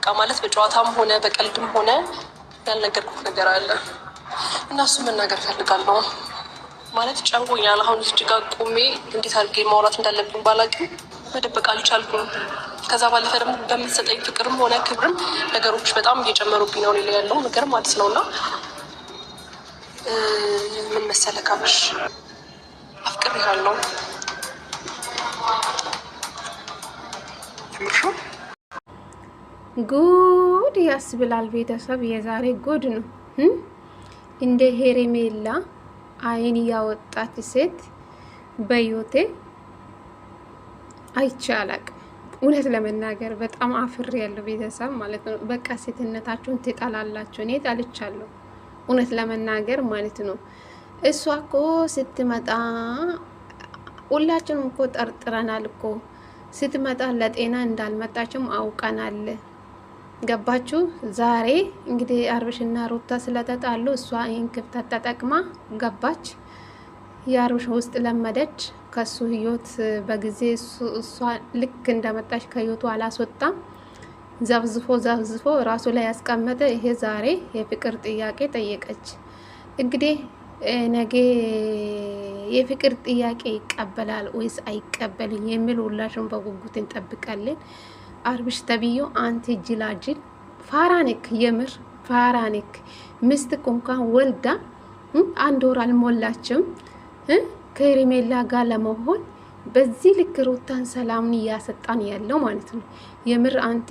በቃ ማለት በጨዋታም ሆነ በቀልድም ሆነ ያልነገርኩት ነገር አለ እና እሱ መናገር ፈልጋለሁ። ማለት ጨንቆኛል። አሁን ልጅ ጋር ቆሜ እንዴት አድርጌ ማውራት እንዳለብኝ ባላቅም መደበቅ አልቻልኩም። ከዛ ባለፈ ደግሞ በምትሰጠኝ ፍቅርም ሆነ ክብርም ነገሮች በጣም እየጨመሩብኝ ነው ሌላ ያለው ነገር ማለት ነው። እና ምን መሰለ ካብሽ አፍቅር ያለው ጉድ ያስብላል። ቤተሰብ የዛሬ ጉድ ነው። እንደ ሄሬሜላ አይን ያወጣች ሴት በዮቴ አይቼ አላቅም። እውነት ለመናገር በጣም አፍር ያለው ቤተሰብ ማለት ነው። በቃ ሴትነታችሁን ትጠላላችሁ። እኔ ጠልቻለሁ፣ እውነት ለመናገር ማለት ነው። እሷ እኮ ስትመጣ ሁላችንም እኮ ጠርጥረናል እኮ ስትመጣ ለጤና እንዳልመጣችም አውቀናል። ገባችሁ? ዛሬ እንግዲህ አብርሽና ሩታ ስለተጣሉ እሷ ይህን ክፍተት ተጠቅማ ገባች። የአብርሽ ውስጥ ለመደች። ከሱ ህይወት በጊዜ እሷ ልክ እንደመጣች ከህይወቱ አላስወጣም። ዘብዝፎ ዘብዝፎ ራሱ ላይ ያስቀመጠ ይሄ ዛሬ የፍቅር ጥያቄ ጠየቀች። እንግዲህ ነገ የፍቅር ጥያቄ ይቀበላል ወይስ አይቀበልም የሚል ሁላችሁም በጉጉት እንጠብቃለን። አብርሽ ተብዮ አንተ ጅላጅል ፋራኔክ፣ የምር ፋራኔክ። ምስት እንኳን ወልዳ አንድ ወር አልሞላችም ከሄርሜላ ጋር ለመሆን በዚህ ልክ ሩታን ሰላምን እያሰጣን ያለው ማለት ነው። የምር አንቴ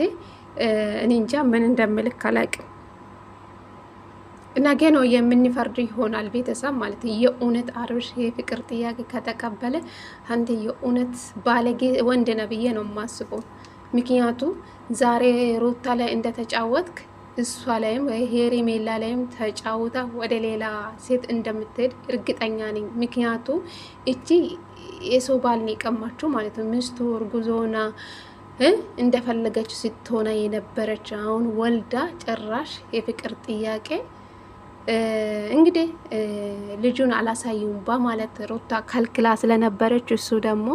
እኔ እንጃ ምን እንደምልክ አላቅም። ነገ ነው የምንፈርድ ይሆናል ቤተሰብ ማለት የእውነት አብርሽ የፍቅር ጥያቄ ከተቀበለ አንተ የእውነት ባለጌ ወንድ ነህ ብዬ ነው የማስበው። ምክንያቱ ዛሬ ሩታ ላይ እንደተጫወትክ እሷ ላይም ወይ ሄሪሜላ ላይም ተጫውታ ወደ ሌላ ሴት እንደምትሄድ እርግጠኛ ነኝ። ምክንያቱ እቺ የሰው ባል ነው የቀማችሁ ማለት ነው። ሚስቱ እርጉዞና እንደፈለገችው ስትሆነ የነበረች አሁን ወልዳ ጭራሽ የፍቅር ጥያቄ እንግዲህ ልጁን አላሳዩም በማለት ሩታ ከልክላ ስለነበረች እሱ ደግሞ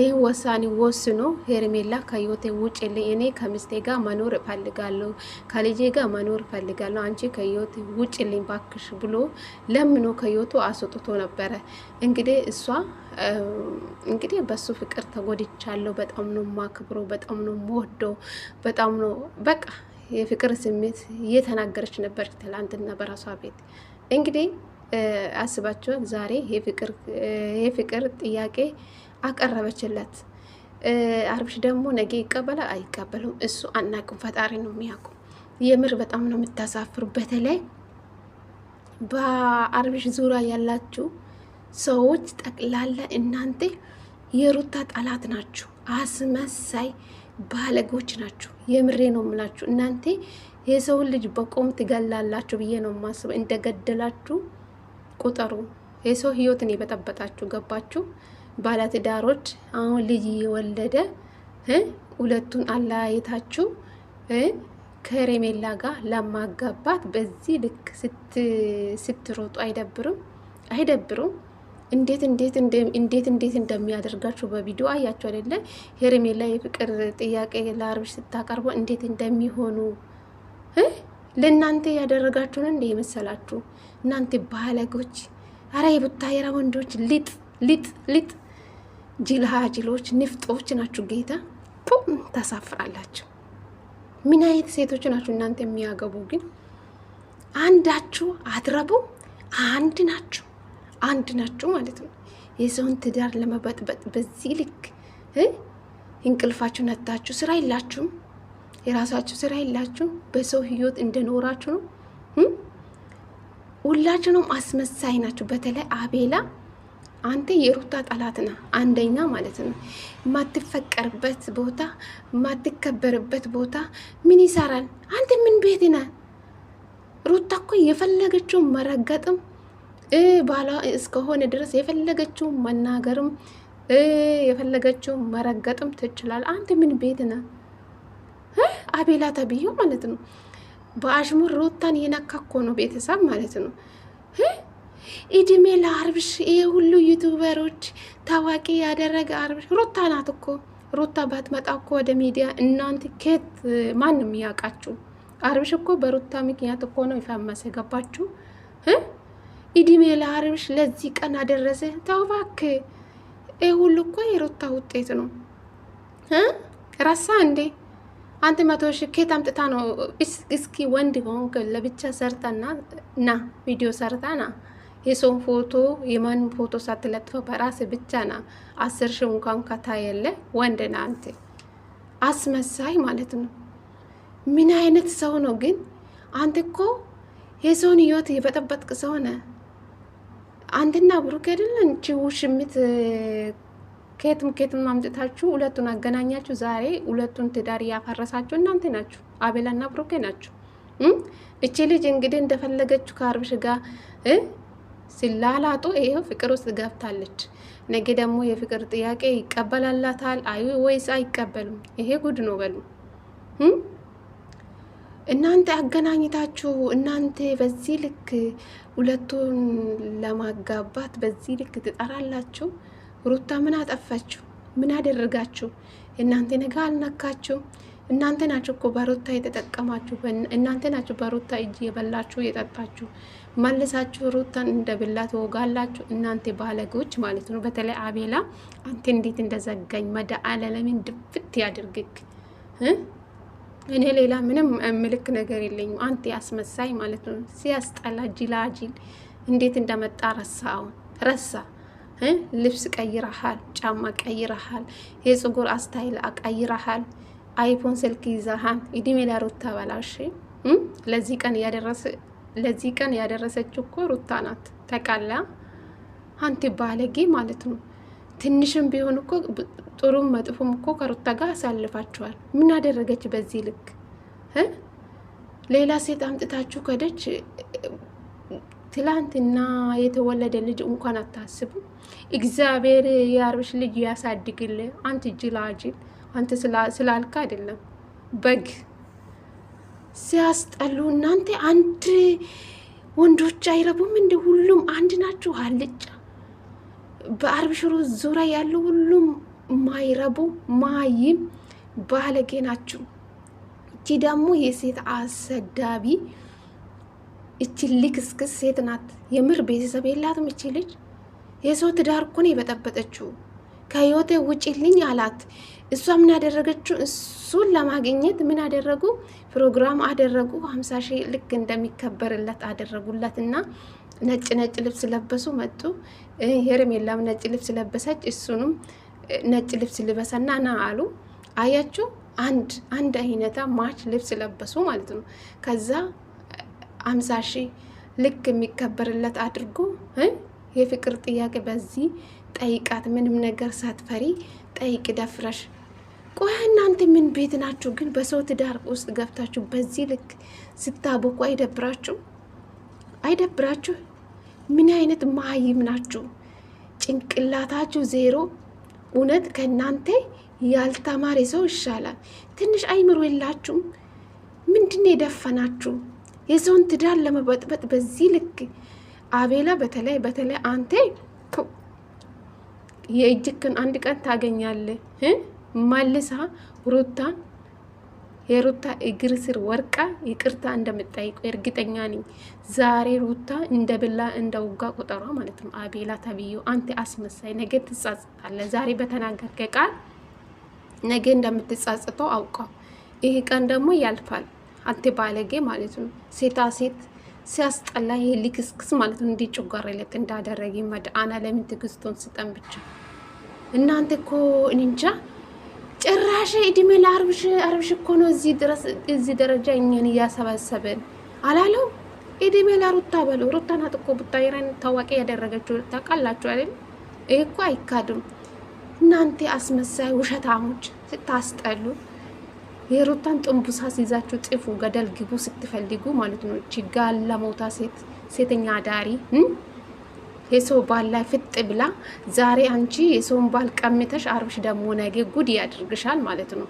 ይህ ወሳኔ ወስኖ ሄርሜላ ከህይወቴ ውጭ ል እኔ ከሚስቴ ጋር መኖር እፈልጋለሁ፣ ከልጄ ጋር መኖር እፈልጋለሁ፣ አንቺ ከህይወቴ ውጭ ልኝ ባክሽ ብሎ ለምኖ ከህይወቱ አስወጥቶ ነበረ። እንግዲህ እሷ እንግዲህ በሱ ፍቅር ተጎድቻለሁ፣ በጣም ነው ማክብሮ፣ በጣም ነው ሞወዶ፣ በጣም ነው በቃ የፍቅር ስሜት እየተናገረች ነበርች ትላንትና በራሷ ቤት እንግዲህ አስባችኋል። ዛሬ የፍቅር ጥያቄ አቀረበችለት። አብርሽ ደግሞ ነገ ይቀበለ አይቀበሉም፣ እሱ አናቅም፣ ፈጣሪ ነው የሚያውቁ። የምር በጣም ነው የምታሳፍሩ። በተለይ በአብርሽ ዙሪያ ያላችሁ ሰዎች ጠቅላላ እናንተ የሩታ ጠላት ናችሁ፣ አስመሳይ ባለጎች ናችሁ። የምሬ ነው የምላችሁ። እናንተ የሰውን ልጅ በቆም ትገላላችሁ ብዬ ነው ማስበ እንደገደላችሁ ቁጠሩ። የሰው ህይወትን የበጠበጣችሁ ገባችሁ። ባለትዳሮች አሁን ልጅ የወለደ ሁለቱን አለያየታችሁ ከረሜላ ጋር ለማጋባት በዚህ ልክ ስትሮጡ አይደብርም? አይደብሩም? እንዴት እንዴት እንዴት እንዴት እንደሚያደርጋችሁ በቪዲዮ አያችሁ አይደለ? ሄርሜላ የፍቅር ጥያቄ ለአብርሽ ስታቀርበው እንዴት እንደሚሆኑ ለእናንተ ያደረጋችሁን እንደ የመሰላችሁ እናንተ ባለጎች! አረ የቡታየራ ወንዶች ሊጥ ሊጥ ሊጥ ጅልሃጅሎች ንፍጦች ናችሁ። ጌታ ፑም ታሳፍራላችሁ። ምን አይነት ሴቶች ናችሁ እናንተ የሚያገቡ ግን አንዳችሁ አትረቡ። አንድ ናችሁ፣ አንድ ናችሁ ማለት ነው። የሰውን ትዳር ለመበጥበጥ በዚህ ልክ እንቅልፋችሁ ነታችሁ። ስራ የላችሁም፣ የራሳችሁ ስራ የላችሁም በሰው ህይወት እንደኖራችሁ ነው። ሁላችሁንም አስመሳይ ናችሁ። በተለይ አቤላ አንተ የሩታ ጠላት ና አንደኛ ማለት ነው። ማትፈቀርበት ቦታ ማትከበርበት ቦታ ምን ይሰራል? አንተ ምን ቤት ና ሩታ እኮ የፈለገችው መረገጥም ባሏ እስከሆነ ድረስ የፈለገችው መናገርም የፈለገችው መረገጥም ትችላል። አንተ ምን ቤት ና አቤላ ተብዬው ማለት ነው። በአሽሙር ሩታን የነካ እኮ ነው ቤተሰብ ማለት ነው። ኢድሜ ለአብርሽ ይህ ሁሉ ዩቱበሮች ታዋቂ ያደረገ አብርሽ ሩታ ናት እኮ ሩታ ባትመጣ እኮ ወደ ሚዲያ እናንተ ኬት ማንም ያውቃችሁ። አብርሽ እኮ በሩታ ምክንያት እኮ ነው ይፈመሰ ገባችሁ። ኢድሜ ለአብርሽ ለዚህ ቀን አደረሰ። ተው እባክህ፣ ይህ ሁሉ እኮ የሩታ ውጤት ነው። ረሳ እንዴ አንተ መቶ ሺ ኬት አምጥታ ነው? እስኪ ወንድ ሆንክ ለብቻ ሰርተና ና ቪዲዮ ሰርተና የሰውን ፎቶ የማንም ፎቶ ሳትለጥፈ በራስ ብቻ ና አስር ሺ እንኳን ከታ የለ ወንድ ና አንተ አስመሳይ ማለት ነው። ምን አይነት ሰው ነው ግን? አንተ እኮ የሰውን ህይወት የበጠበጥቅ ሰው ነህ። አንድና ብሩክ አይደለን እንቺ ውሽሚት ከየትም ከየትም አምጥታችሁ ሁለቱን አገናኛችሁ። ዛሬ ሁለቱን ትዳር እያፈረሳችሁ እናንተ ናችሁ፣ አቤላና ብሩኬ ናችሁ። እቺ ልጅ እንግዲህ እንደፈለገችሁ ከአብርሽ ጋር ሲላላጡ ይሄው ፍቅር ውስጥ ገብታለች። ነገ ደግሞ የፍቅር ጥያቄ ይቀበላላታል አይ ወይስ አይቀበልም? ይሄ ጉድ ነው። በሉ እናንተ አገናኝታችሁ እናንተ በዚህ ልክ ሁለቱን ለማጋባት በዚህ ልክ ትጠራላችሁ። ሩታ ምን አጠፋችሁ? ምን አደረጋችሁ? እናንተ ነገ አልነካችሁ። እናንተ ናችሁ እኮ በሩታ የተጠቀማችሁ። እናንተ ናችሁ በሩታ እጅ የበላችሁ የጠጣችሁ መልሳችሁ ሩታን እንደ ብላ ትወጋላችሁ እናንተ ባለጎች ማለት ነው። በተለይ አቤላ አንተ እንዴት እንደዘጋኝ መድኃኔ ለምን ድፍት ያድርግክ። እኔ ሌላ ምንም ምልክ ነገር የለኝም። አንተ አስመሳይ ማለት ነው። ሲያስጠላ ጅላጅል እንዴት እንደመጣ ረሳውን ረሳ ልብስ ቀይረሃል፣ ጫማ ቀይረሃል፣ የፀጉር አስታይል ቀይረሃል፣ አይፎን ስልክ ይዘሃል። እድሜ ለሩታ በላሽ ለዚህ ቀን እያደረስ ለዚህ ቀን ያደረሰችው እኮ ሩታ ናት። ተቃላ አንቲ ባለጌ ማለት ነው። ትንሽም ቢሆን እኮ ጥሩም መጥፎም እኮ ከሩታ ጋር አሳልፋችኋል። ምን አደረገች በዚህ ልክ? ሌላ ሴት አምጥታችሁ ከደች። ትላንትና የተወለደ ልጅ እንኳን አታስቡ። እግዚአብሔር የአርብሽ ልጅ ያሳድግል። አንተ ጅላጅል አንተ ስላልክ አይደለም በግ ሲያስጠሉ እናንተ አንድ ወንዶች አይረቡም። እንደ ሁሉም አንድ ናችሁ። አልጫ በአርብሽሮ ዙሪያ ያሉ ሁሉም ማይረቡ ማይም ባለጌ ናችሁ። እቺ ደግሞ የሴት አሰዳቢ እቺ ልክስክስ ሴት ናት። የምር ቤተሰብ የላትም እቺ ልጅ። የሰው ትዳር እኮ ነው የበጠበጠችው። ከህይወቴ ውጭልኝ አላት። እሷ ምን ያደረገችው? እሱን ለማግኘት ምን አደረጉ? ፕሮግራም አደረጉ። ሀምሳ ሺህ ልክ እንደሚከበርለት አደረጉለት እና ነጭ ነጭ ልብስ ለበሱ መጡ። ሄርሜላም ነጭ ልብስ ለበሰች። እሱንም ነጭ ልብስ ልበሰና ና አሉ። አያችሁ፣ አንድ አንድ አይነታ ማች ልብስ ለበሱ ማለት ነው። ከዛ ሀምሳ ሺህ ልክ የሚከበርለት አድርጎ የፍቅር ጥያቄ በዚህ ጠይቃት። ምንም ነገር ሳትፈሪ ጠይቅ ደፍረሽ። ቆይ እናንተ ምን ቤት ናችሁ ግን? በሰው ትዳር ውስጥ ገብታችሁ በዚህ ልክ ስታቦቁ አይደብራችሁ? አይደብራችሁ? ምን አይነት መሀይም ናችሁ? ጭንቅላታችሁ ዜሮ። እውነት ከእናንተ ያልተማረ ሰው ይሻላል። ትንሽ አይምሮ የላችሁም? ምንድን ነው የደፈናችሁ? የሰውን ትዳር ለመበጥበጥ በዚህ ልክ አቤላ፣ በተለይ በተለይ አንተ የእጅክን አንድ ቀን ታገኛለህ። መልሳ ሩታ የሩታ እግር ስር ወርቃ ይቅርታ እንደምጠይቁ እርግጠኛ ነኝ። ዛሬ ሩታ እንደ ብላ እንደ ውጋ ቁጠሯ ማለት ነው። አቤላ ተብዬው አንተ አስመሳይ፣ ነገ ትጻጽታለህ። ዛሬ በተናገርከ ቃል ነገ እንደምትጻጽተው አውቀው። ይህ ቀን ደግሞ ያልፋል። አንተ ባለጌ ማለት ነው። ሴታ ሴት ሲያስጠላ ይሄ ሊክስክስ ማለት ነው። እንዲህ ጭጓሬ ልክ እንዳደረገ መድአና ለምን ትግስቱን ስጠን ብቻ። እናንተ እኮ እንጃ ጭራሽ እድሜ ለአርብሽ አርብሽ እኮ ነው እዚህ ድረስ እዚህ ደረጃ እኛን እያሰባሰብን አላለው። እድሜ ለሩታ በሉ። ሩታ ናት እኮ ቡታይራን ታዋቂ ያደረገችው ታውቃላችሁ አይደል? ይህ እኮ አይካድም። እናንተ አስመሳይ ውሸታሞች ስታስጠሉ የሩታን ጥንቡሳ ሲይዛችሁ ጥፉ፣ ገደል ግቡ ስትፈልጉ ማለት ነው። እቺ ለሞታ ሴት ሴተኛ ዳሪ የሰው ባል ላይ ፍጥ ብላ ዛሬ አንቺ የሰውን ባል ቀምተሽ አርብሽ ደግሞ ነገ ጉድ ያድርግሻል ማለት ነው።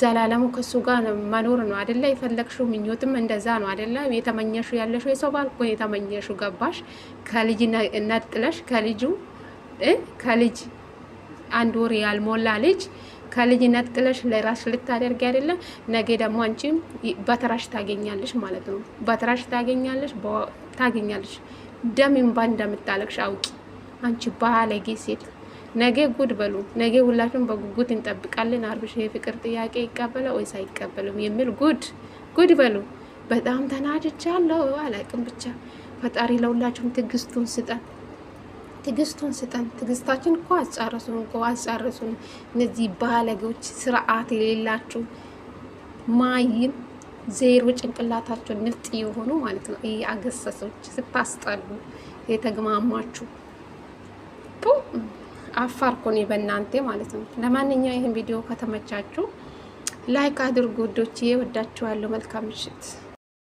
ዘላለሙ ከሱ ጋር መኖር ነው አደለ? የፈለግሽው ምኞትም እንደዛ ነው አደለ? የተመኘሹ ያለሽው የሰው ባል እኮ የተመኘሹ ገባሽ? ከልጅ ነጥለሽ ከልጁ ከልጅ አንድ ወር ያልሞላ ልጅ ከልጅ ጥለሽ ለራስ ልታደርግ አይደለም። ነገ ደግሞ አንቺም በትራሽ ታገኛለሽ ማለት ነው። በትራሽ ታገኛለሽ ታገኛለሽ። ደም እንባ እንደምታለቅሽ አውቂ። አንቺ ባለጌ ሴት ነገ ጉድ በሉ። ነገ ሁላችሁም በጉጉት እንጠብቃለን። አብርሽ የፍቅር ጥያቄ ይቀበለ ወይስ አይቀበልም የሚል ጉድ ጉድ በሉ። በጣም ተናድቻለሁ። አላቅም ብቻ ፈጣሪ ለሁላችሁም ትግስቱን ስጠን። ትግስቱን ስጠን። ትግስታችን እኮ አስጨርሱን እኮ አስጨርሱን። እነዚህ ባለጌዎች፣ ስርዓት የሌላችሁ ማይም ዜሮ ጭንቅላታቸውን ንፍጥ የሆኑ ማለት ነው። ይህ አገሰሶች ስታስጠሉ የተግማማችሁ አፋር እኮ እኔ በእናንተ ማለት ነው። ለማንኛውም ይህን ቪዲዮ ከተመቻችሁ ላይክ አድርጉ ውዶቼ፣ ወዳችኋለሁ። መልካም ምሽት።